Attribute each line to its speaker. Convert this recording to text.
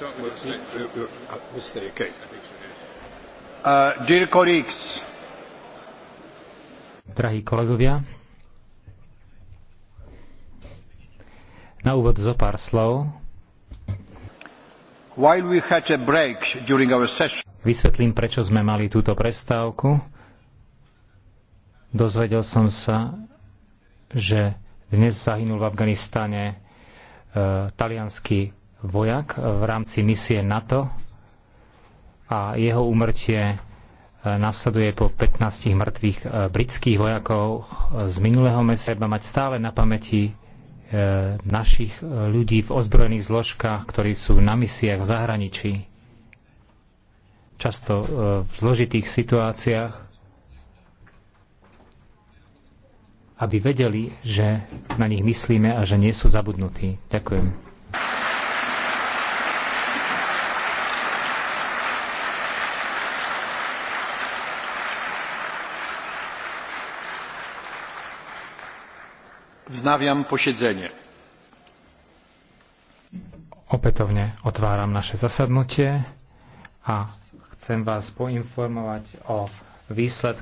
Speaker 1: Uh, uh,
Speaker 2: Drahí kolegovia, na úvod zo pár slov. Vysvetlím, prečo sme mali túto prestávku. Dozvedel som sa, že dnes zahynul v Afganistane e, talianský vojak v rámci misie NATO a jeho úmrtie e, nasleduje po 15 mŕtvych e, britských vojakov z minulého mesiaca. Treba mať stále na pamäti e, našich ľudí v ozbrojených zložkách, ktorí sú na misiách v zahraničí, často v zložitých situáciách, aby vedeli, že na nich myslíme a že nie sú zabudnutí. Ďakujem.
Speaker 3: vznáviam posiedzenie. Opätovne otváram naše zasadnutie a chcem vás poinformovať o výsledku